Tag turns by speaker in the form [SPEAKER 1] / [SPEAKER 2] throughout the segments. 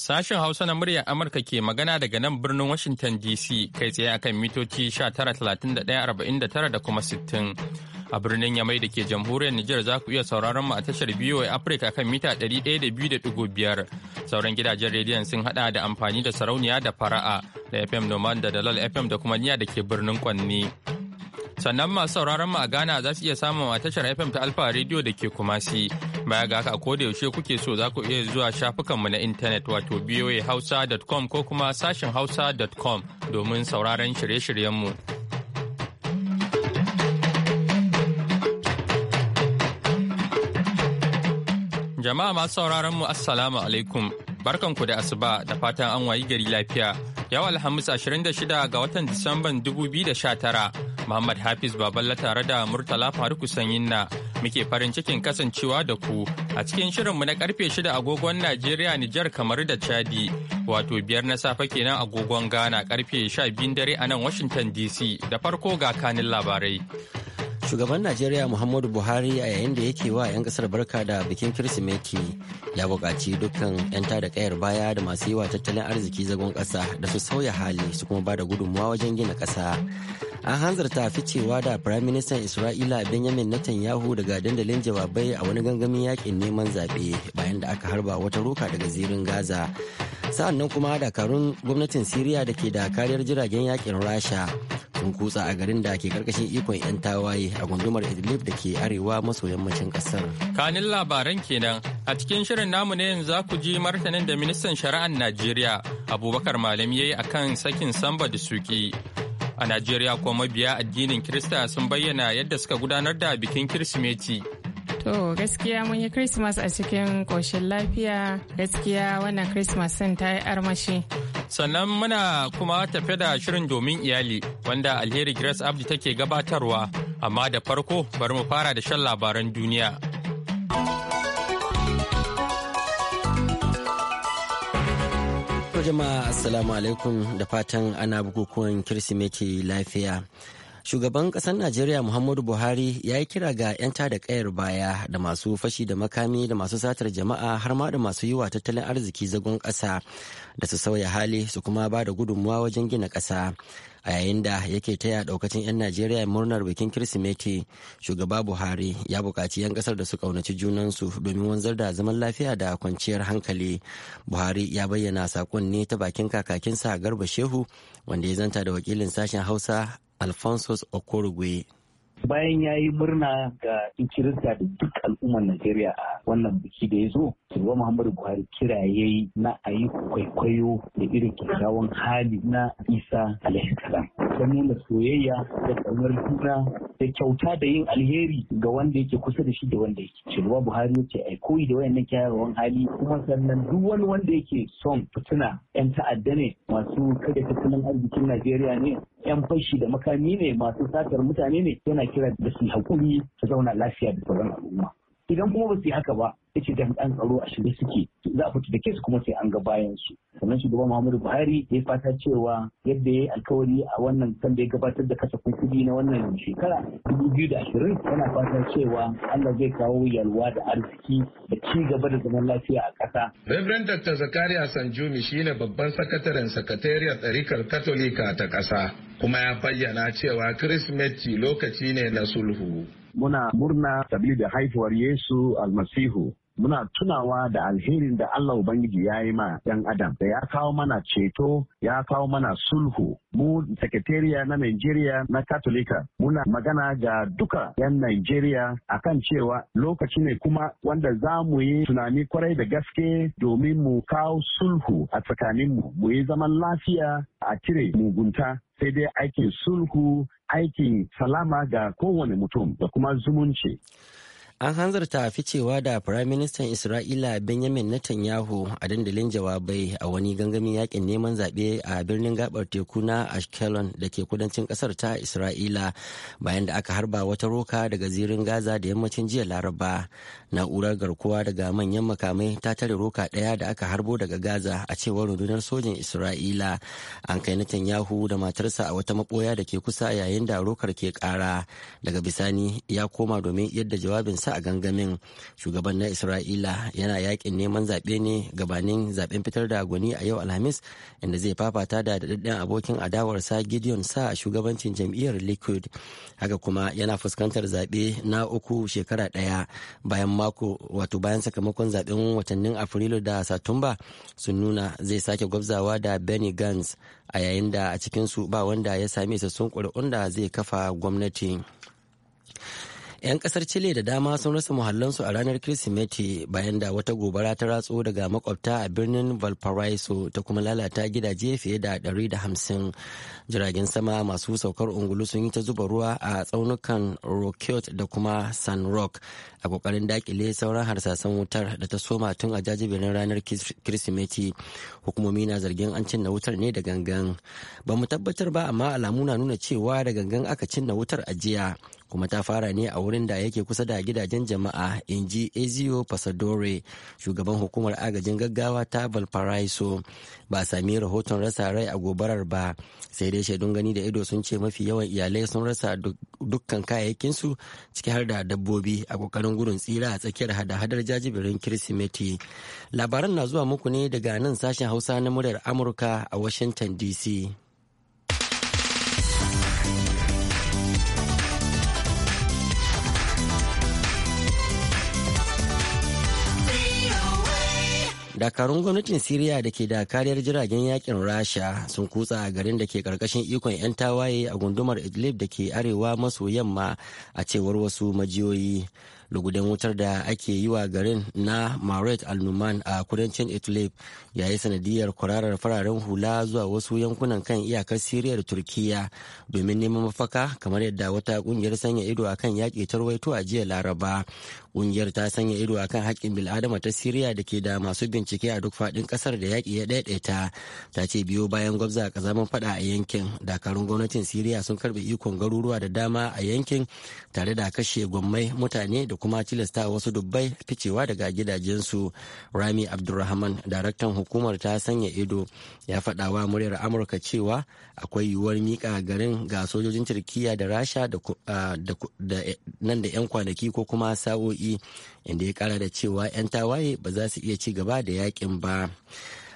[SPEAKER 1] Sashen Hausa na muryar Amurka ke magana daga nan birnin Washington DC kai tsaye akan mitoci 19,31,49 da kuma 60. A birnin Yamai da ke jamhuriyar Nijar za ku iya sauraron mu a tashar VOA Afirka kan mita 102.5. Sauran gidajen rediyon sun hada da amfani da sarauniya da fara'a da FM Noman da Dalal FM da kuma niya da ke birnin Kwanni. sannan masu sauraron mu a Ghana za su iya samun a tashar FM ta Alfa Radio da ke Kumasi. Baya ga haka ko da yaushe kuke so za ku iya zuwa shafukanmu na intanet wato voahausa.com ko kuma sashen hausa.com domin sauraron shirye-shiryenmu. Jama'a masu sauraron mu Assalamu alaikum. barkan ku da asuba da fatan an wayi gari lafiya. Yau Alhamis 26 ga watan Disamban 2019 Muhammad Hafiz Baballa tare da Murtala Faruku Sanyinna muke farin cikin kasancewa da ku a cikin shirin mu na karfe 6 agogon Najeriya Nijar kamar da Chadi wato biyar na safe kenan agogon Ghana karfe 12 dare a nan Washington DC da farko ga kanin labarai.
[SPEAKER 2] Shugaban Najeriya Muhammadu Buhari a yayin da yake wa 'yan kasar barka da bikin Kirsimeti ya buƙaci dukkan 'yan tada kayar baya da masu yi wa tattalin arziki zagon ƙasa da su sauya hali su kuma ba da gudunmawa wajen gina ƙasa. an hanzarta ficewa da firayim ministan isra'ila benjamin netanyahu daga dandalin jawabai a wani gangamin yakin neman zaɓe bayan da aka harba wata roka daga zirin gaza sa'an kuma dakarun gwamnatin siriya da ke da kariyar jiragen yakin rasha sun kutsa a garin da ke karkashin ikon 'yan tawaye a gundumar idlib da ke arewa maso yammacin kasar
[SPEAKER 1] kanin labaran kenan a cikin shirin namu ne yanzu ku ji martanin da ministan shari'ar najeriya abubakar malam yayi akan sakin samba da suki A Najeriya kuma mabiya addinin Kirista sun bayyana yadda suka gudanar da bikin Kirsimeti.
[SPEAKER 3] To gaskiya mun yi Christmas a cikin ƙoshin lafiya gaskiya wannan Christmas sun ta yi armashi.
[SPEAKER 1] Sannan muna kuma tafe da shirin domin iyali wanda alheri Grace Abdi take gabatarwa amma da farko bari mu fara da shan labaran duniya.
[SPEAKER 2] To jama'a assalamu alaikum da fatan ana bukukuwan Kirsimeti lafiya. Shugaban ƙasar Najeriya Muhammadu Buhari ya yi kira ga 'yan tada ƙayar baya da masu fashi da makami da masu satar jama'a har ma da masu yi wa tattalin arziki zagon ƙasa da su sauya hali su kuma ba da gudunmuwa wajen gina ƙasa. a yayin da yake taya daukacin 'yan najeriya murnar bikin kirsimeti shugaba buhari ya buƙaci 'yan ƙasar da su ƙaunaci junansu domin wanzar da zaman lafiya da kwanciyar hankali buhari ya bayyana saƙon ne ta bakin kakakinsa garba shehu wanda ya zanta da wakilin sashen hausa alphonsus okorugwe
[SPEAKER 4] bayan ya yi murna ga kirista da duk al'ummar Najeriya a wannan biki da ya zo, Shugaba Muhammadu Buhari kiraye yi na a yi kwaikwayo da irin kyakkyawan hali na Isa alaihi salam. Ta nuna soyayya da ƙaunar juna da kyauta da yin alheri ga wanda yake kusa da shi da wanda yake. Shugaba Buhari ya ce ai koyi da wayannan kyakkyawan hali kuma sannan duk wani wanda yake son fitina 'yan ta'adda ne masu kada tattalin arzikin Najeriya ne yan fashi da makami ne masu satar mutane ne yana kira da su haƙuri su zauna lafiya da sauran al'umma idan kuma ba su yi haka ba yace jami'an tsaro a shirye suke za a fito da kesu kuma sai an ga bayan su sannan shugaban Muhammadu Buhari ya fata cewa yadda ya yi alkawari a wannan kan da ya gabatar da kasafin kuɗi na wannan shekara da ashirin yana fata cewa Allah zai kawo yalwa da arziki da ci gaba
[SPEAKER 5] da zaman lafiya a ƙasa. Reverend Dr. Zakaria Sanjumi shine babban sakataren sakatariyar ɗarikar Katolika ta ƙasa kuma ya bayyana cewa Kirsimeti lokaci ne
[SPEAKER 6] na sulhu.
[SPEAKER 5] muna murna sabili da haifuwar Yesu almasihu muna
[SPEAKER 4] tunawa da alherin da Allah Ubangiji ya yi ma 'yan Adam da ya kawo mana ceto ya kawo mana sulhu mu sakatariya na Najeriya na Katolika muna magana ga duka 'yan Najeriya a kan cewa lokaci ne kuma wanda za mu yi tunani kwarai da gaske domin mu kawo sulhu a tsakaninmu mu yi zaman lafiya a cire mugunta sai dai aikin sulhu aikin salama ga kowane mutum da kuma zumunci.
[SPEAKER 2] An hanzarta ficewa da Firaministan Isra'ila Benjamin Netanyahu a dandalin jawabai a wani gangamin yakin neman zaɓe a birnin gabar teku na Ashkelon da ke kudancin ƙasar ta Isra'ila bayan da aka harba wata roka daga zirin Gaza da yammacin jiya Laraba. Na'urar garkuwa daga manyan makamai ta tare roka ɗaya da aka harbo daga Gaza a cewar rundunar sojin Isra'ila. An kai Netanyahu da matarsa a wata maɓoya da ke kusa yayin da rokar ke ƙara. Daga bisani ya koma domin yadda sa a gangamin shugaban na isra'ila yana yakin neman zaɓe ne gabanin zaɓen fitar da gwani a yau alhamis inda zai fafata da daɗaɗɗen abokin adawarsa gideon sa a shugabancin jam'iyyar liquid haka kuma yana fuskantar zaɓe na uku shekara ɗaya bayan mako wato bayan sakamakon zaɓen watannin afrilu da satumba sun nuna zai sake gwabzawa da benny gans a yayin da a cikinsu ba wanda ya sami isassun ƙuri'un da zai kafa gwamnati. 'Yan kasar Chile da dama sun rasa muhallansu a ranar Kirsimeti bayan da wata gobara ta ratso daga makwabta a birnin Valparaiso ta kuma lalata gidaje fiye da da hamsin Jiragen sama masu saukar ungulu sun yi ta zuba ruwa a tsaunukan Roquette da kuma San Rock a kokarin dakile sauran harsasan wutar da ta soma tun a jajiberin ranar Kirsimeti. Hukumomi na zargin an cinna wutar ne da gangan. Ba mu tabbatar ba amma alamu na nuna cewa da gangan aka cinna wutar a jiya. kuma ta fara ne a wurin da yake kusa da gidajen jama'a in ji ezio pasadore shugaban hukumar agajin gaggawa ta valparaiso ba sami rahoton rasa rai a gobarar ba sai dai shaidun gani da ido sun ce mafi yawan iyalai sun rasa dukkan kayayyakinsu ciki har da dabbobi a kokarin gudun tsira a tsakiyar hada-hadar jajibirin kirsimeti labaran na zuwa muku ne daga nan sashen hausa na muryar amurka a washington dc dakarun gwamnatin siriya da ke da kariyar jiragen yakin rasha sun kutsa a garin da ke karkashin ikon 'yan tawaye a gundumar idlib da ke arewa maso yamma a cewar wasu majiyoyi lugudan wutar da ake yi wa garin na maret al-numan a kudancin idlib ya yi sanadiyar kwararar fararen hula zuwa wasu yankunan kan iyakar siriya da turkiya domin neman mafaka kamar yadda wata kungiyar sanya ido akan yaƙi tarwaito a jiya laraba kungiyar ta sanya ido akan haƙƙin bil'adama ta siriya da ke da masu bincike a duk faɗin ƙasar da yaƙi ya ɗaiɗaita ta ce biyo bayan gwabza kazaman faɗa a yankin dakarun gwamnatin siriya sun karɓe ikon garuruwa da dama a yankin tare da kashe gwammai mutane da kuma tilasta wasu dubbai ficewa daga gidajensu rami abdulrahman daraktan hukumar ta sanya ido ya faɗa muryar amurka cewa akwai yiwuwar miƙa garin ga sojojin turkiya da rasha da eh, nan da 'yan kwanaki ko kuma sa'o'i inda ya kara da cewa 'yan tawaye ba za su iya ci gaba da yakin ba.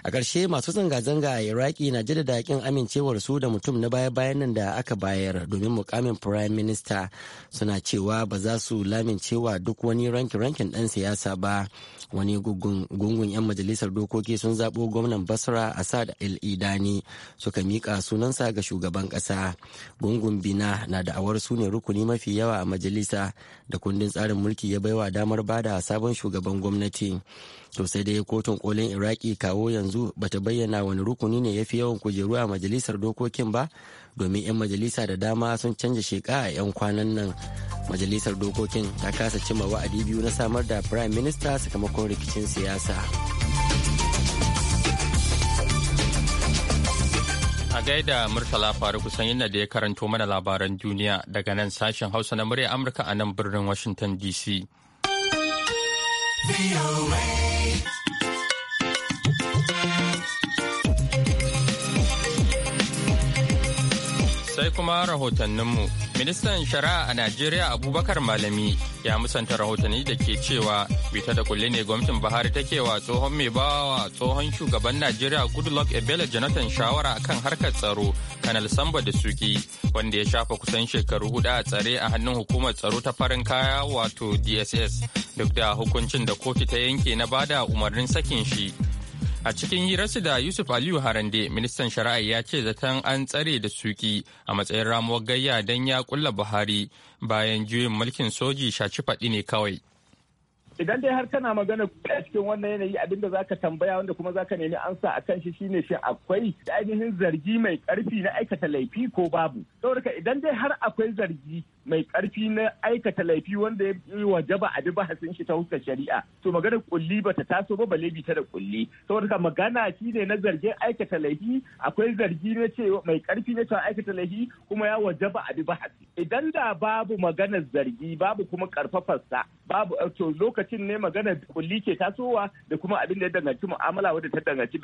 [SPEAKER 2] a ƙarshe masu zanga-zanga a iraki na jaddada yakin amincewar su da mutum na baya-bayan nan da aka bayar domin mukamin prime minister suna cewa ba za su lamincewa duk wani rankin-rankin ɗan siyasa ba wani gungun 'yan majalisar dokoki sun zaɓo gwamnan basra a asad el-idani suka miƙa sunansa ga shugaban ƙasa gungun bina na da'awar su ne rukuni mafi yawa a majalisa da kundin tsarin mulki ya baiwa damar bada sabon shugaban gwamnati to sai dai kotun kolin iraki kawo yanzu bata bayyana wani rukuni ne ya fi yawan kujeru a majalisar dokokin ba domin 'yan majalisa da dama sun canja sheka a 'yan kwanan nan majalisar dokokin ta kasa cimma wa'adi biyu na samar da prime minister sakamakon rikicin
[SPEAKER 1] siyasa a gaida murtala faru kusan yana da ya karanto mana labaran duniya daga nan sashen hausa na murya amurka a nan birnin washington dc
[SPEAKER 7] Sai
[SPEAKER 1] kuma rahotanninmu Ministan Shari'a a Najeriya Abubakar Malami ya musanta rahotanni da ke cewa bita da kulle ne gwamnatin Buhari take wa tsohon mai bawa tsohon shugaban Najeriya Goodluck Ebele Jonathan shawara kan harkar tsaro Kanal Samba da Suki wanda ya shafa kusan shekaru hudu a tsare a hannun hukumar tsaro ta farin kaya wato DSS duk da hukuncin da kotu ta yanke na bada umarnin sakin shi. A cikin hirarsu da Yusuf Aliyu Harande, ministan shari'a ya ce zaton an tsare da suki a matsayin ramuwar gayya don ya kulla Buhari bayan juyin mulkin soji shaci faɗi ne kawai.
[SPEAKER 8] Idan dai har kana magana a cikin wannan yanayi abin da zaka tambaya wanda kuma zaka nemi ansa a kan shi shine shi akwai ainihin zargi mai karfi na aikata laifi ko babu. Saboda idan dai har akwai zargi mai karfi na aikata laifi wanda ya yi wajaba a duba hasin shi ta hukar shari'a to magana kulli bata taso ba balle ta da kulli saboda ka magana shi ne na zargin aikata laifi akwai zargi na ce mai karfi na cewa aikata laifi kuma ya wajaba a duba hasi idan da babu magana zargi babu kuma karfafarsa babu to lokacin ne magana kulli ke tasowa da kuma abin da ya danganci mu'amala wanda ta danganci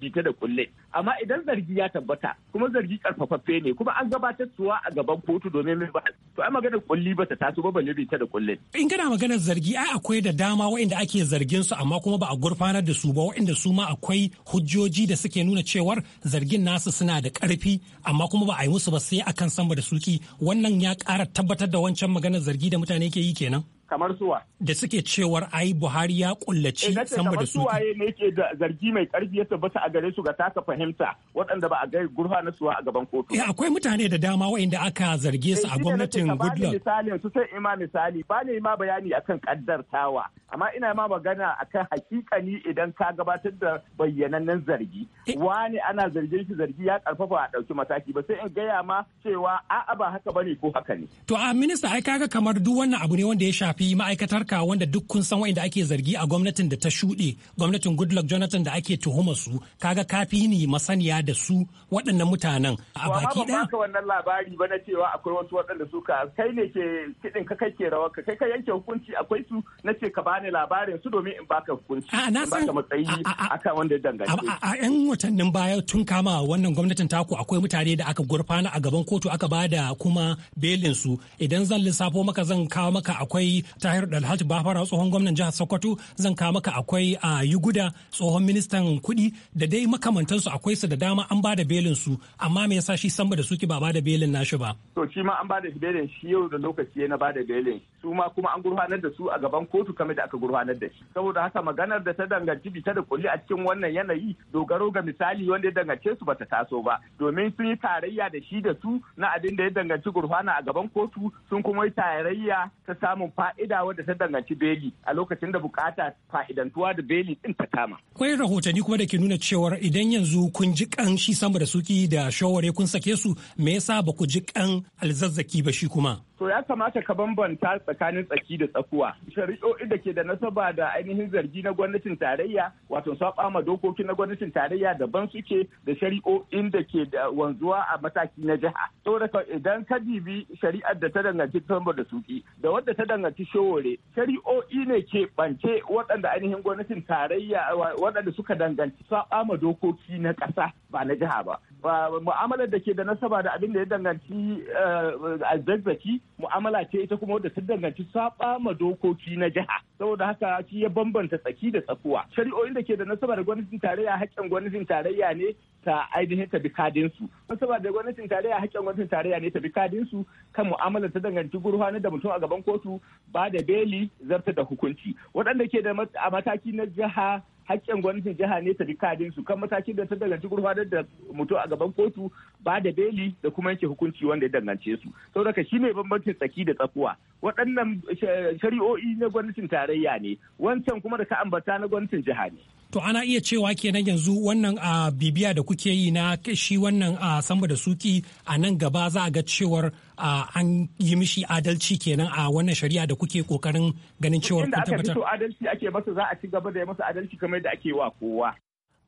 [SPEAKER 8] bita da kulle amma idan zargi ya tabbata kuma zargi karfafaffe ne kuma an gabatar suwa a gaban kotu domin mai to ai maganar kulli ba ta taso ba balle ta da kullin
[SPEAKER 7] in kana maganar zargi ai akwai da dama waɗanda ake zargin su amma kuma ba a gurfanar da su ba waɗanda su ma akwai hujjoji da suke nuna cewar zargin nasu suna da ƙarfi amma kuma ba a yi musu ba sai akan samba da suki wannan ya ƙara tabbatar da wancan maganar zargi da mutane ke yi kenan kamar suwa. Da suke cewar ai Buhari ya kullaci eh, samba da su. suwaye
[SPEAKER 8] ne yake da zargi mai karfi ya tabbata a gare su ga taka fahimta waɗanda ba a ga
[SPEAKER 7] gurfa na suwa a gaban kotu. Eh akwai mutane da dama waɗanda aka zarge su eh, a gwamnatin Goodluck. Misalin
[SPEAKER 8] su sai ima misali ba ne ma bayani akan kaddartawa amma ina ma magana akan hakikani idan ka gabatar da bayyanannen zargi. Eh. Wani ana zargin shi zargi ya karfafa a ɗauki mataki ba sai in gaya ma cewa a'a ba haka bane ko haka ne.
[SPEAKER 7] To a minista ai kaga kamar duk wannan abu ne wanda ya shafi ma'aikatar ma'aikatarka wanda duk kun san wa'inda ake zargi a gwamnatin da ta shuɗe gwamnatin goodluck jonathan da ake tuhuma su kaga kafi ni masaniya da su waɗannan mutanen a baki ɗaya.
[SPEAKER 8] ba ka wannan labari ba na cewa akwai wasu waɗanda suka kai ne ke kiɗin ka kai ke rawa ka kai ka yanke hukunci akwai su na ce ka bani labarin su domin in baka hukunci. a na san matsayi akan wanda ya dangane.
[SPEAKER 7] a yan watannin baya tun kama wannan gwamnatin taku akwai mutane da aka gurfana a gaban kotu aka bada kuma belin su idan zan lissafo maka zan kawo maka akwai Tahir Dalhatu Bafara tsohon gwamnan jihar Sokoto zan kama ka akwai a Yuguda tsohon ministan kuɗi da dai makamantansu akwai su da dama an bada belin su amma me yasa shi san da suke ba bada belin nashi ba.
[SPEAKER 8] To shi ma an bada belin shi yau da lokaci na bada belin su ma kuma an gurfanar da su a gaban kotu kamar da aka gurfanar da shi saboda haka maganar da ta danganci bita da kulli a cikin wannan yanayi dogaro ga misali wanda ya dangance su bata taso ba domin sun yi tarayya da shi da su na abin da ya danganci gurfana a gaban kotu sun kuma yi tarayya ta samun fa'ida wadda ta danganci beli a lokacin da bukata fa'idantuwa da
[SPEAKER 7] beli din ta kama. Kwai rahotanni kuma da ke nuna cewar idan yanzu kun ji kan shi sama da suki da shaware kun sake su me yasa ba ku ji kan alzazzaki ba shi kuma.
[SPEAKER 8] to ya kamata ka bambanta tsakanin tsaki da tsakuwa shari'o'i da ke da nasaba da ainihin zargi na gwamnatin tarayya wato saba ma dokoki na gwamnatin tarayya daban suke da shari'o'in da ke da wanzuwa a mataki na jiha da idan ka dibi shari'ar da ta danganci tambar da suki da wadda ta danganci showore shari'o'i ne ke bance waɗanda ainihin gwamnatin tarayya waɗanda suka danganci saba ma dokoki na ƙasa ba na jiha ba mu'amalar da ke da nasaba da abin da ya danganci eh, zazzaki mu'amala ce ita kuma wadda ta danganci saba ma dokoki na jiha saboda haka shi ya bambanta tsaki da tsakuwa shari'o'in da ke da nasaba da gwamnatin tarayya haƙƙin gwamnatin tarayya ne ta ainihin ta bi kadin nasaba da gwamnatin tarayya haƙƙin gwamnatin tarayya ne ta bi kadin kan mu'amalar ta danganci na da mutum a gaban kotu ba da beli zarta da hukunci waɗanda ke da a mataki na jiha haƙƙin gwamnatin jiha ne ta rikadin su kan matakin da ta danganci gurfanar da mutu a gaban kotu ba da beli da kuma yanke hukunci wanda ya dangance su saboda shi ne bambancin tsaki da tsakuwa waɗannan eh, shari'o'i na gwamnatin tarayya ne wancan kuma da ka ambata na gwamnatin jiha ne.
[SPEAKER 7] to ana iya cewa kenan yanzu wannan a bibiya da kuke yi na shi wannan a samba da suki a nan gaba za a ga cewar an yi mishi adalci kenan a wannan shari'a da kuke kokarin ganin cewar kun tabbatar. Inda aka adalci ake masa za a ci gaba da ya masa adalci kamar da ake wa kowa.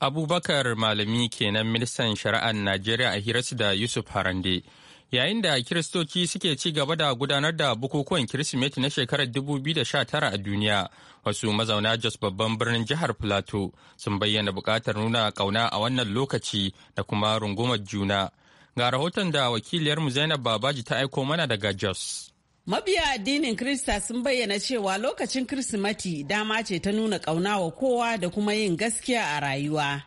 [SPEAKER 1] Abubakar Malami kenan ministan shari'ar Najeriya a hirasu da Yusuf Harande. yayin da kiristoci suke ci gaba da gudanar da bukukuwan kirsimeti na shekarar 2019 a duniya wasu mazauna jos babban birnin jihar plateau sun bayyana bukatar nuna kauna a wannan lokaci da kuma rungumar juna ga rahoton da wakiliyarmu zainab babaji ta aiko mana daga jos Mabiya
[SPEAKER 3] addinin Krista sun bayyana cewa lokacin kirsimeti dama ce ta nuna kauna wa kowa da kuma yin gaskiya a rayuwa.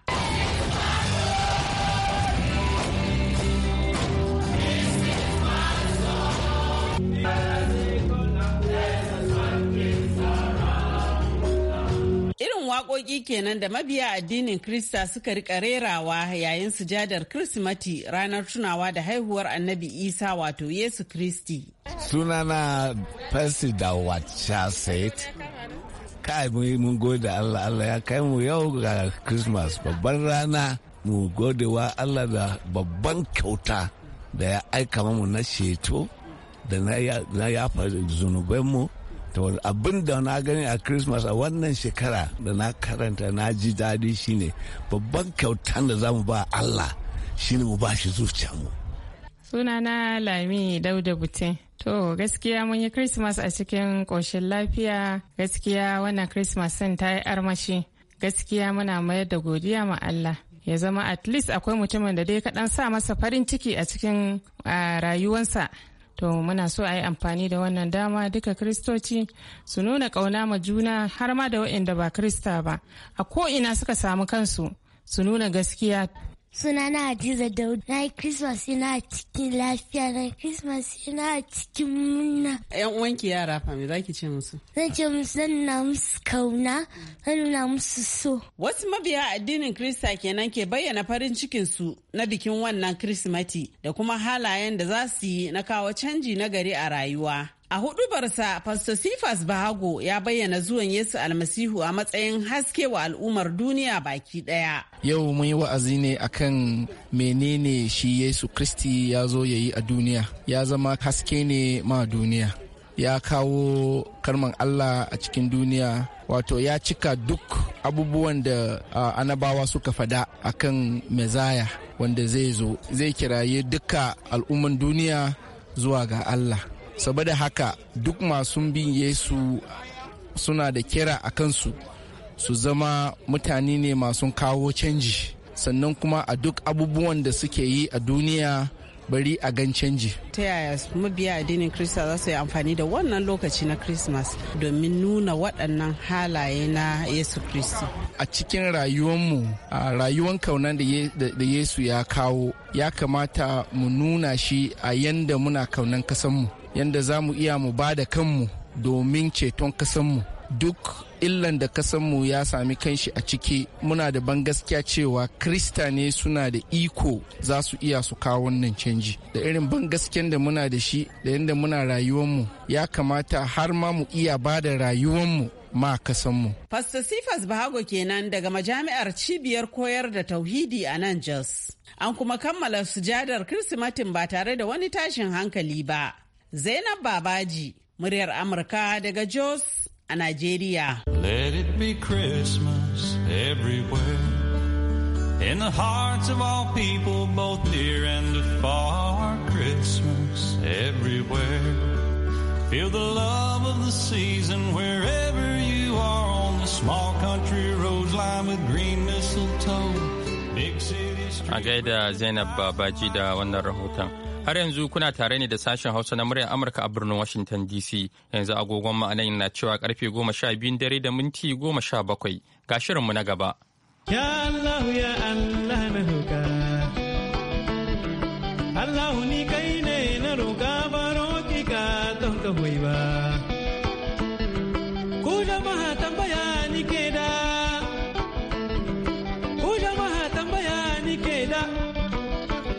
[SPEAKER 3] waƙoƙi kenan da mabiya addinin Krista suka rika rerawa yayin sujadar Kirsimati ranar tunawa da haihuwar annabi Isa wato Yesu Kristi.
[SPEAKER 2] Sunana
[SPEAKER 8] Percy Dawat Chasset. Kai mun gode Allah Allah ya kai mu yau ga Christmas babban rana mu gode wa Allah da babban kyauta da ya aika mu na sheto da na yafa zunubanmu to abin da na gani a christmas a wannan shekara da na karanta na ji daɗi shine babban kyautan da za mu ba allah shine mu ba
[SPEAKER 4] shi zuciyarmu
[SPEAKER 3] na lami dauda butin To gaskiya mun yi Christmas a cikin ƙoshin lafiya gaskiya wannan Christmas sun ta yi armashi gaskiya muna mayar da godiya ma Allah ya zama at least akwai mutumin da dai kaɗan sa masa farin ciki a cikin rayuwansa to muna so a yi amfani da wannan dama duka kristoci su nuna ƙauna ma juna har ma da waɗanda ba krista ba a ko ina suka samu kansu su nuna gaskiya suna na Hadiza Daud
[SPEAKER 9] na yi Christmas ina cikin lafiya na yi Christmas ina cikin muna.
[SPEAKER 3] Yan uwanki yara fa me zaki ce musu? Zan ce musu zan na musu kauna zan na musu so. Wasu mabiya addinin Krista kenan ke bayyana farin cikin su na bikin wannan Kirsimati da kuma halayen da za su yi na kawo canji na gari a rayuwa. A hudubarsa, Pastor Sifas Bahago ya bayyana zuwan Yesu almasihu a matsayin haske wa al'ummar duniya baki daya.
[SPEAKER 5] Yau mun yi wa'azi ne akan menene shi Yesu Kristi ya zo ya yi a duniya, ya zama haske ne ma duniya. Ya kawo karman Allah a cikin duniya, wato ya cika duk abubuwan da anabawa suka fada akan mezaya wanda zai zo, zai kiraye duka al'umman duniya zuwa ga Allah. saboda haka duk masu bin yesu suna da kira a kansu su zama mutane ne masu kawo canji sannan kuma a duk abubuwan da suke yi a duniya bari a gan canji.
[SPEAKER 3] Ta yaya mabiya addinin Kirista za su yi amfani da wannan lokaci na Christmas domin nuna waɗannan halaye na Yesu Kristi.
[SPEAKER 5] A cikin rayuwanmu, a rayuwan kaunan da Yesu ya kawo, ya kamata mu nuna shi a yanda muna kaunan kasanmu. yadda za mu iya mu bada kanmu domin ceton kasanmu duk illan da kasanmu ya sami kanshi a ciki muna da ban gaskiya cewa krista ne suna da iko za su iya su kawo wannan canji da irin ban gaskiyan da muna da shi da yadda muna rayuwanmu ya kamata har ma mu iya ba da rayuwanmu ma kasanmu.
[SPEAKER 3] Pastor Sifas Bahago kenan daga majami'ar cibiyar koyar da tauhidi a nan Jos. An kuma kammala sujadar Kirsimatin ba tare da wani tashin hankali ba. Zainab Babaji, muryar Amurka daga Jos a Nigeria.
[SPEAKER 6] Let it be Christmas
[SPEAKER 7] everywhere. In the hearts of all people, both near and far, Christmas everywhere. Feel the love of the season wherever you are on the small country roads lined with green mistletoe.
[SPEAKER 1] A gaida Zainab Babaji da wannan rahoton. Har yanzu kuna tare ne da sashen Hausa na muryar Amurka a birnin Washington DC. Yanzu agogon ma'anan na cewa karfe goma sha biyun dare da minti goma sha bakwai. Ga shirinmu na gaba.
[SPEAKER 6] Allah ya Allah na Allah ni ka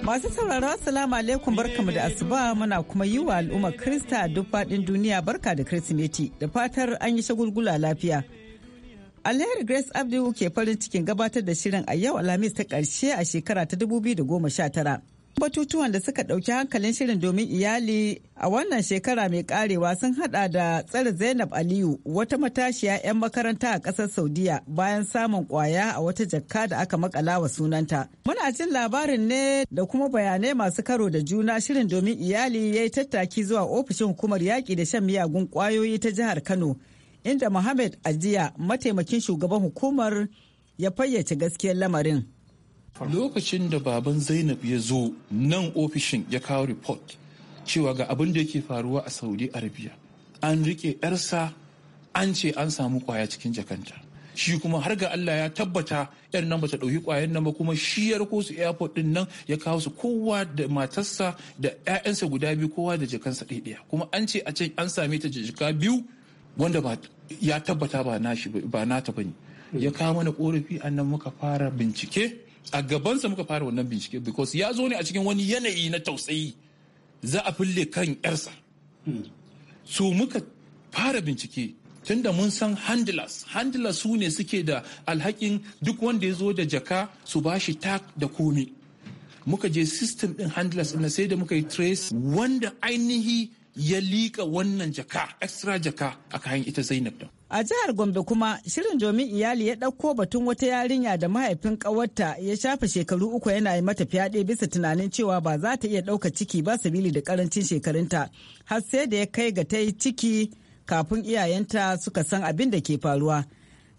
[SPEAKER 10] Masu sauraro Assalamu alaikum barkamu da asuba muna kuma yi wa al'ummar Krista duk faɗin duniya barka da Kirsimeti da fatar an yi shagulgula lafiya. Alheri Grace Abdu ke farin cikin gabatar da shirin a yau Alhamis ta karshe a shekara ta 2019. Batutuwan da suka ɗauki hankalin shirin domin iyali a wannan shekara mai karewa sun hada da tsare Zainab Aliyu wata matashiya 'yan makaranta a ƙasar Saudiya bayan samun kwaya a wata jakka da aka makala wa sunanta. Muna jin labarin ne da kuma bayanai masu karo da juna shirin domin iyali ya yi tattaki zuwa ofishin hukumar yaƙi da shan miyagun ƙwayoyi ta jihar Kano inda Muhammad Ajiya mataimakin shugaban hukumar ya fayyace gaskiyar lamarin.
[SPEAKER 6] lokacin da baban zainab ya zo nan ofishin ya kawo report cewa ga abin da yake faruwa a saudi arabia an rike yarsa an ce an samu kwaya cikin jakanta shi kuma har ga Allah ya tabbata yar nan bata ɗauki kwayan nan ba kuma shi ya rako su airport din nan ya kawo su kowa da matarsa da 'ya'yansa guda biyu kowa da jakansa ɗaya kuma an ce a can an same ta jika biyu wanda ba ya tabbata ba nata ba ne ya kawo mana korafi a nan muka fara bincike a gabansa muka fara wannan bincike because ya zo ne a cikin wani yanayi na tausayi za a fille kan yarsa so muka fara bincike tunda mun san handlers handlers su ne suke da alhakin duk wanda ya zo da jaka su bashi tak da komi muka je system din handlers na sai da muka yi trace wanda ainihi ya liƙa wannan jaka extra jaka a kayan ita zainab ɗin.
[SPEAKER 10] A jihar Gombe kuma shirin domin iyali ya ɗauko batun wata yarinya da mahaifin ƙawarta ya shafe shekaru uku yana yi mata fyaɗe bisa tunanin cewa ba za ta iya ɗauka ciki ba sabili da ƙarancin shekarunta har sai da ya kai ga ta yi ciki kafin iyayenta suka san abin da ke faruwa.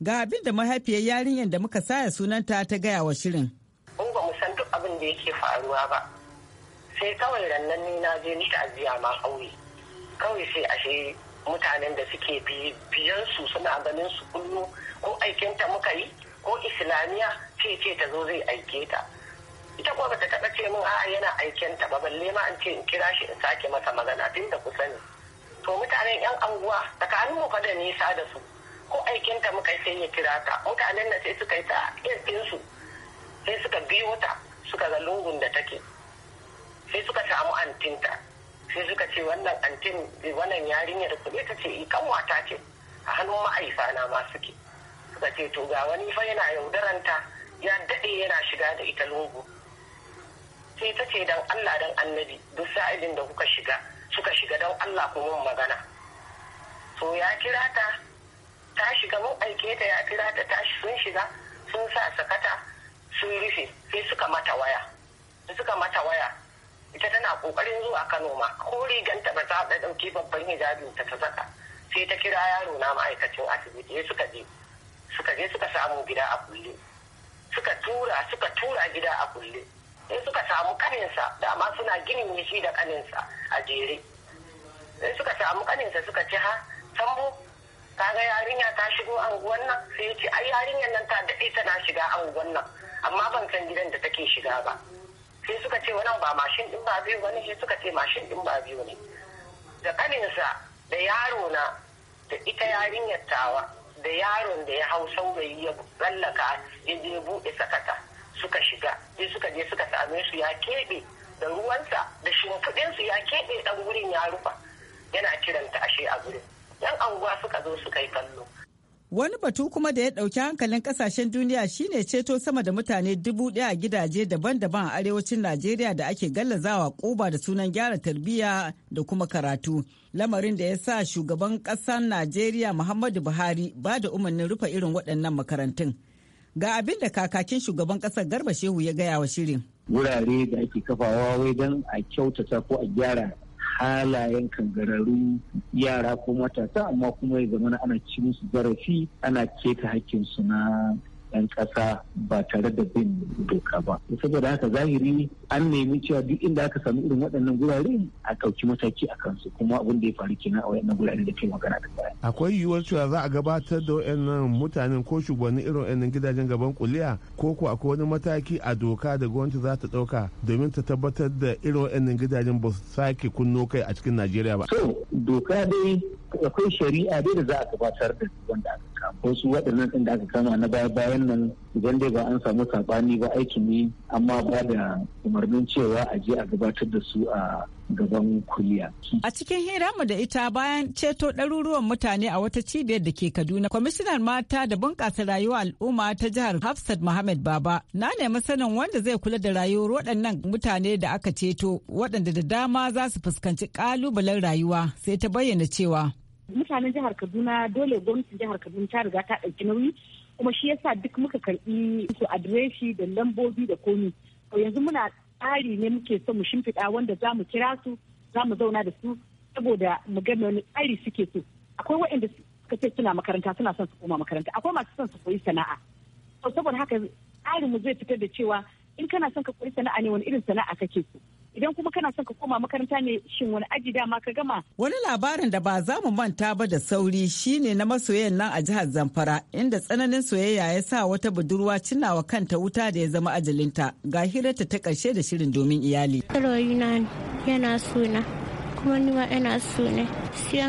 [SPEAKER 10] Ga abin da mahaifiyar yarinyar da muka saya sunanta ta gaya wa shirin.
[SPEAKER 9] Mun ba san duk abin da yake faruwa ba. Sai kawai rannan ni na je ni Kawai sai ashe mutanen da suke biyan su suna ganin su kullu ko aikinta muka yi ko islamiyya ce ce ta zo zai aike ta ita kuma bata taɓa ce min a'a yana ta ba balle ma an ce in kira shi in sake masa magana tun da ku sani to mutanen yan anguwa tsakanin mu da nisa da su ko aikinta muka sai ya kira ta mutanen da sai suka yi ta su sai suka biyo ta suka ga lungun da take sai suka samu antinta sai suka ce wannan antin wannan yarinyar ku ta ce ikan wata ce a hannun ma'aifa na ma suke suka ce to ga wani fa yana yaudaranta ya daɗe yana shiga da ita lungu sai ta ce dan Allah dan annabi duk sa'ilin da kuka shiga suka shiga dan Allah kuma magana so ya kira ta ta shiga mun aike ta ya kira ta ta sun shiga sun sa sakata sun rufe sai suka mata waya ita tana kokarin zuwa Kano ma ko riganta ba ta da dauke babban hijabin ta ta saka sai ta kira yaro na ma'aikacin asibiti ya suka je suka je suka samu gida a kulle suka tura suka tura gida a kulle sai suka samu kaninsa dama suna ginin ya shi da kaninsa a jere sai suka samu kaninsa suka ci ha tambo kaga yarinya ta shigo anguwan nan sai ya ce ai yarinyar nan ta daɗe tana shiga anguwan nan amma ban san gidan da take shiga ba sai suka ce wannan ba mashin din ba biyu wani sai suka ce mashin din ba biyu ne da kaninsa da yaro na da ita yarinyar tawa da yaron da ya hau saurayi ya tsallaka ya je buɗe sakata suka shiga sai suka je suka same su ya keɓe da ruwansa da shimfiɗinsu ya keɓe ɗan wurin ya rufa yana kiranta ashe a gurin yan anguwa suka zo suka yi
[SPEAKER 10] kallo Wani batu kuma da ya ɗauki hankalin ƙasashen duniya shine ceto sama da mutane dubu ɗaya a gidaje daban-daban a arewacin Najeriya da ake gallazawa ƙuba da sunan gyara tarbiyya da kuma karatu. Lamarin da ya sa shugaban ƙasar Najeriya Muhammadu Buhari ba da umarnin rufe irin waɗannan makarantun. Ga abin da kakakin shugaban ƙasar Garba Shehu ya gaya wa shirin.
[SPEAKER 4] Wurare da ake kafawa wai don a kyautata ko a gyara halayen kangararru yara ko matasa amma kuma ya zama ana ci musu zarafi ana keta su na yan ƙasa ba tare da bin doka ba saboda haka zahiri an nemi cewa duk inda aka samu irin waɗannan gurare a ɗauki mataki a kansu kuma abin da ya faru kenan a waɗannan gurare
[SPEAKER 7] da ke magana da baya
[SPEAKER 8] akwai yiwuwar cewa za a gabatar da waɗannan mutanen ko shugabannin irin waɗannan gidajen gaban kuliya ko ko akwai wani mataki a doka da gwamnati za ta ɗauka domin ta tabbatar da irin waɗannan gidajen ba su sake kunno kai a cikin najeriya ba. so doka dai akwai shari'a dai da za a gabatar da
[SPEAKER 4] wanda aka kama wasu waɗannan ɗin da aka kama na baya bayan nan idan dai ba an samu saɓani ba aiki ne amma ba da umarnin cewa a je a gabatar da su a gaban kuliya.
[SPEAKER 10] A cikin mu da ita bayan ceto ɗaruruwan mutane a wata cibiyar da ke Kaduna, kwamishinan mata da bunƙasa rayuwa al'umma ta jihar Hafsat Muhammad Baba na nemi sanin wanda zai kula da rayuwar waɗannan mutane da aka ceto waɗanda da dama za su fuskanci ƙalubalen rayuwa sai ta bayyana cewa. mutanen jihar kaduna dole gwamnatin jihar kaduna ta riga ta ɗauki nauyi kuma shi yasa duk muka karɓi su adireshi da lambobi da komi to yanzu muna tsari ne muke son mu shimfiɗa wanda za mu kira su za mu zauna da su saboda mu ga wani tsari suke so akwai waɗanda suka ce suna makaranta suna son su koma makaranta akwai masu son su koyi sana'a to saboda haka tsarinmu zai fitar da cewa in kana son ka koyi sana'a ne wani irin sana'a kake so idan kuma kana son ka koma makaranta ne shin wani aji dama ka gama wani labarin da ba za mu manta ba da sauri shine na masoyan nan a jihar zamfara inda tsananin soyayya ya sa wata budurwa cinawa kanta wuta da ya zama ajalinta ga hirarta ta karshe da shirin domin iyali yana suna kuma ni ma ina so ne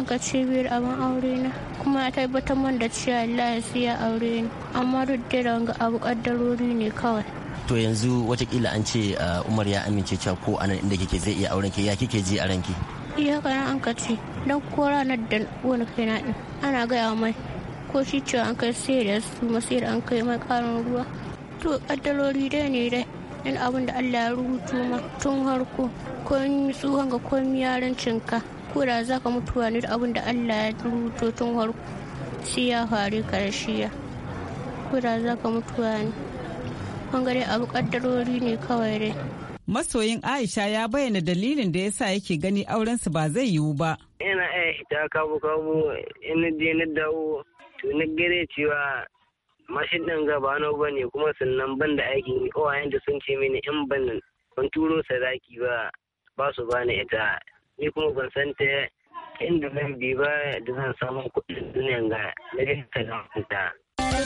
[SPEAKER 10] ka
[SPEAKER 9] cibiyar abin aure na kuma ta tabbatar man da cewa Allah ya aure ni amma duk da abu kaddarori ne kawai
[SPEAKER 2] to yanzu watakila an ce uh, umar ya amince cewa ko anan inda kike zai iya auren ki ya kike ji a ranki
[SPEAKER 9] iya kana an ka ce don ko ranar da wani kai na din ana gaya mai ko shi cewa an kai sai da su masai da an kai mai karin ruwa to kaddalori dai ne dai in abin da Allah ya rubuto ma tun harko ko tsohon ga komi yarancin ka ko da za ka mutuwa ne da abin da Allah ya rubuto tun harko sai ya faru karshiya ko da za ka mutuwa ne bangare abu kaddarori ne kawai dai
[SPEAKER 10] masoyin aisha ya bayyana dalilin da ya sa yake gani aurensu ba zai yiwu ba ina iya ita kabu
[SPEAKER 9] kabu ina je na dawo to na gare cewa mashin ɗin gaba na ba ne kuma sannan ban da aikin yi owayen da sun ce mini in ban ban turo sadaki ba ba su bani ita ni kuma ban san ta inda zan bi ba da zan samu kuɗin duniyan ga na ta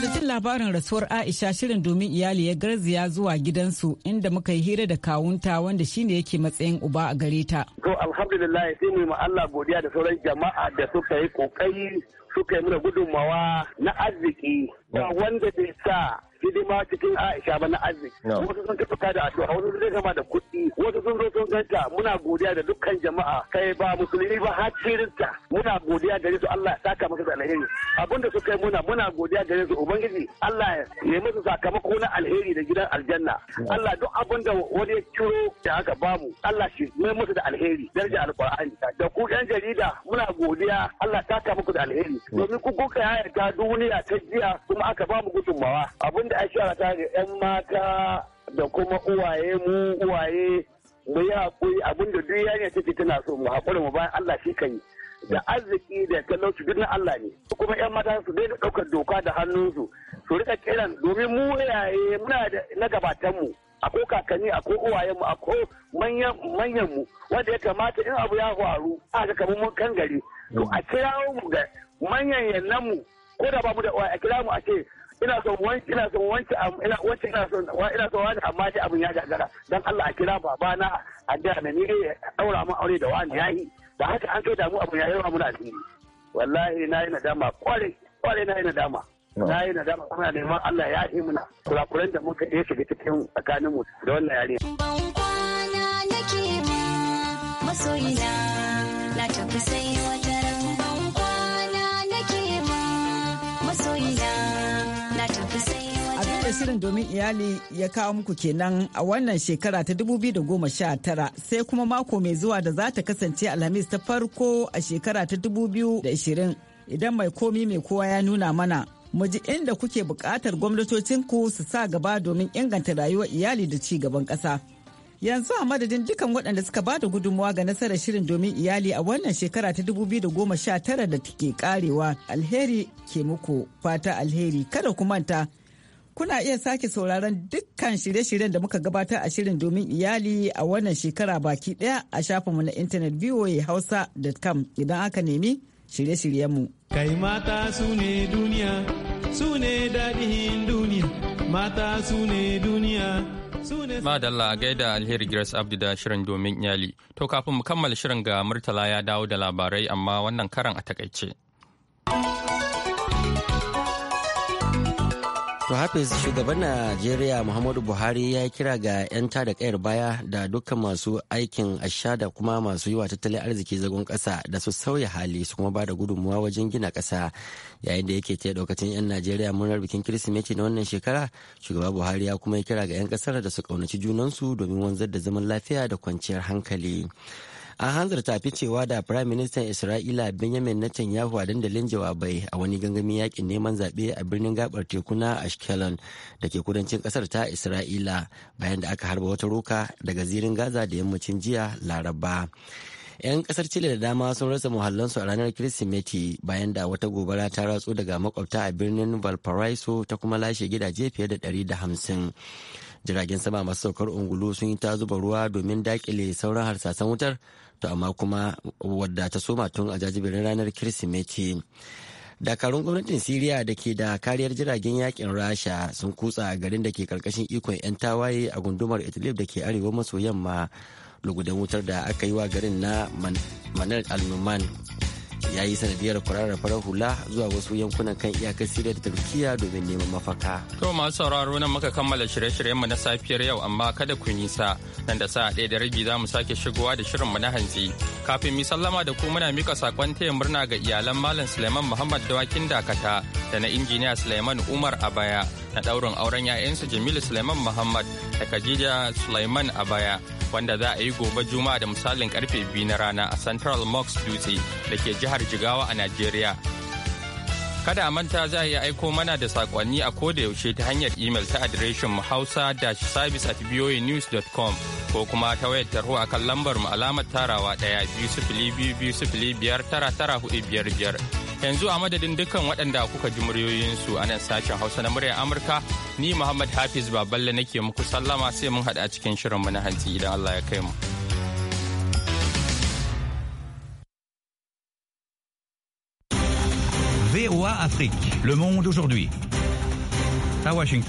[SPEAKER 10] da jin labarin rasuwar Aisha shirin domin iyali ya garziya zuwa gidansu inda muka yi hira da kawunta wanda shine yake matsayin uba a gare ta.
[SPEAKER 4] To alhamdulillah sai mu ma Allah godiya da sauran jama'a da suka yi kokari suka yi mana gudunmawa na arziki. Ba wanda bai sa sai ma cikin Aisha ba na arziki. Wasu sun tafi da addu'a wasu sun gama da kuɗi wasu sun zo sun ganta muna godiya da dukkan jama'a kai ba musulmi ba har cirinta muna godiya gare su Allah ya saka masa da alheri abinda suka yi muna muna godiya gare su ubangiji Allah ya musu sakamako na alheri da gidan aljanna Allah duk abinda wani ya ciro da aka bamu Allah shi ne musu da alheri daraja alqur'ani da ku ɗan jarida muna godiya Allah ya saka muku da alheri domin ku kuka yaya duniya ta jiya kuma aka bamu gudunmawa abinda ake ta ga 'yan mata da kuma uwaye mu uwaye mu yi haƙuri abin da duk yanya take tana so mu haƙuri mu bayan Allah shi kai da arziki da talauci duk na Allah ne kuma 'yan mata su daina ɗaukar doka da hannunsu su rika kiran domin mu yaye muna da na gabatanmu akwai kakanni akwai akwai manyan mu wanda ya kamata in abu ya faru ga kamar mun kan gari to a kirawo mu ga manyan yannan mu ko da ba mu da uwaye a kira mu a ce ina son wani ina son wani ina wani ina son ina son wani amma shi abin ya gagara dan Allah a kira babana a da na ni ne daura mu aure da wani yayi da haka an kai damu abin ya yawa mun asiri wallahi na yi nadama kware kwarai na yi nadama na yi nadama kuma neman Allah ya yi muna kurakuren da muka yi shiga cikin mu da wannan yare. Ban
[SPEAKER 2] kwana nake masoyina.
[SPEAKER 10] shirin domin iyali ya kawo muku kenan a wannan shekara ta 2019 sai kuma mako mai zuwa da za ta kasance alhamis ta farko a shekara ta 2020 idan mai komi mai kowa ya nuna mana mu ji inda kuke buƙatar gwamnatocinku su sa gaba domin inganta rayuwar iyali da ci gaban ƙasa. yanzu a madadin dukkan waɗanda suka ba da gudunmawa ga nasarar shirin domin iyali a wannan shekara ta 2019 da take karewa alheri ke muku fata alheri kada ku manta Kuna iya sake sauraron dukkan shirye-shiryen da muka gabatar a shirin domin iyali a wannan shekara baki daya a shafinmu na intanet voahausa.com idan aka nemi shirye-shiryenmu.
[SPEAKER 6] Kai mata su ne duniya, su ne daɗin duniya,
[SPEAKER 7] mata su ne duniya.
[SPEAKER 1] Madalla gaida alheri Grace Abdu da shirin domin iyali. To kafin mu kammala shirin ga Murtala ya dawo da labarai amma wannan karan a takaice.
[SPEAKER 2] To Hafiz shugaban Najeriya Muhammadu Buhari ya yi kira ga 'yan tada kayar baya da dukkan masu aikin asha da kuma masu yi wa tattalin arziki zagon kasa da su sauya hali su kuma ba da gudunmuwa wajen gina kasa yayin da yake ta daukacin 'yan Najeriya murnar bikin Kirsimeti na wannan shekara shugaba Buhari ya kuma ya kira ga 'yan kasar da su kaunaci junansu domin wanzar da zaman lafiya da kwanciyar hankali. an hanzarta cewa da prime minister isra'ila benjamin netanyahu a dandalin jawabai a wani gangamin yakin neman zaɓe a birnin gabar teku na ashkelon da ke kudancin ƙasar ta isra'ila bayan da aka harba wata roka daga zirin gaza da yammacin jiya laraba 'yan kasar chile da dama sun rasa muhallansu a ranar kirsimeti bayan da wata gobara ta ratsu daga makwabta a birnin valparaiso ta kuma lashe gidaje fiye da 150 jiragen sama masu saukar ungulu sun yi ta zuba ruwa domin dakile sauran harsasan wutar to amma kuma wadda ta soma tun a jajibirin ranar kirsimeti dakarun gwamnatin siriya da ke da kariyar jiragen yakin rasha sun kutsa a garin da ke karkashin ikon 'yan tawaye a gundumar idlib da ke arewa maso yamma lugudan wutar da aka yi wa garin na manar al-numan ya yi sanadiyar kwararar farar hula zuwa wasu yankunan kan iyakar siriya da turkiya domin neman mafaka
[SPEAKER 1] to masu sauraro nan muka kammala shirye-shiryen mu na safiyar yau amma kada ku nisa nan da sa'a ɗaya da rabi za mu sake shigowa da shirin mu na hantsi kafin mu sallama da ku muna mika sakon taya murna ga iyalan malam suleiman muhammad dawakin dakata da na injiniya suleiman umar abaya na ɗaurin auren 'ya'yansu jamilu suleiman muhammad da khadija suleiman abaya wanda za a yi gobe juma'a da misalin karfe biyu na rana a central mox dutse da ke jihar jigawa a najeriya kada a manta za a iya aiko mana da sakonni a koda yaushe ta hanyar imel ta adireshin mu hausa service at voanews.com ko kuma ta wayar tarho a kan lambar mu alamar tarawa ɗaya biyu sifili biyu biyu sifili biyar tara tara hudu biyar biyar yanzu a madadin dukkan waɗanda kuka ji muryoyinsu a nan sashen hausa na muryar amurka ni muhammad hafiz baballe nake muku sallama sai mun haɗa cikin shirinmu na hantsi idan allah ya kai mu.
[SPEAKER 7] VOA Afrique, le monde aujourd'hui. Washington.